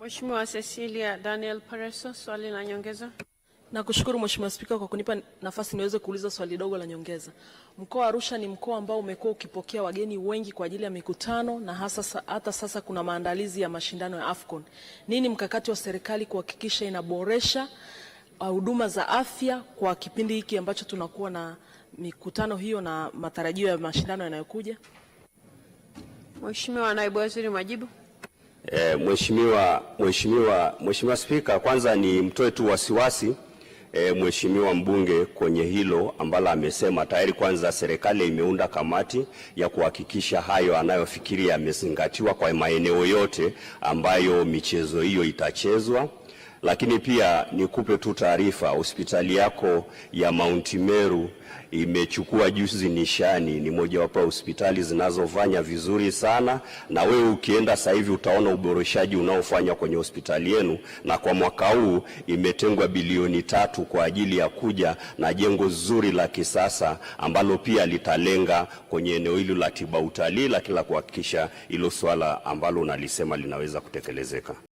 Mheshimiwa Cecilia Daniel Pareso, swali la nyongeza. Nakushukuru Mheshimiwa Spika kwa kunipa nafasi niweze kuuliza swali dogo la nyongeza. Mkoa wa Arusha ni mkoa ambao umekuwa ukipokea wageni wengi kwa ajili ya mikutano na hasa hata sasa kuna maandalizi ya mashindano ya Afcon. Nini mkakati wa serikali kuhakikisha inaboresha uh, huduma za afya kwa kipindi hiki ambacho tunakuwa na mikutano hiyo na matarajio ya mashindano yanayokuja? Mheshimiwa Naibu Waziri, majibu. E, Mheshimiwa Mheshimiwa Mheshimiwa Spika, kwanza ni mtoe tu wasiwasi e, Mheshimiwa mbunge kwenye hilo ambalo amesema tayari. Kwanza serikali imeunda kamati ya kuhakikisha hayo anayofikiria yamezingatiwa kwa maeneo yote ambayo michezo hiyo itachezwa. Lakini pia nikupe tu taarifa, hospitali yako ya Mount Meru imechukua juzi nishani, ni mojawapo ya hospitali zinazofanya vizuri sana, na wewe ukienda sasa hivi utaona uboreshaji unaofanywa kwenye hospitali yenu, na kwa mwaka huu imetengwa bilioni tatu kwa ajili ya kuja na jengo zuri la kisasa ambalo pia litalenga kwenye eneo hilo la tiba utalii, lakini la kuhakikisha hilo swala ambalo unalisema linaweza kutekelezeka.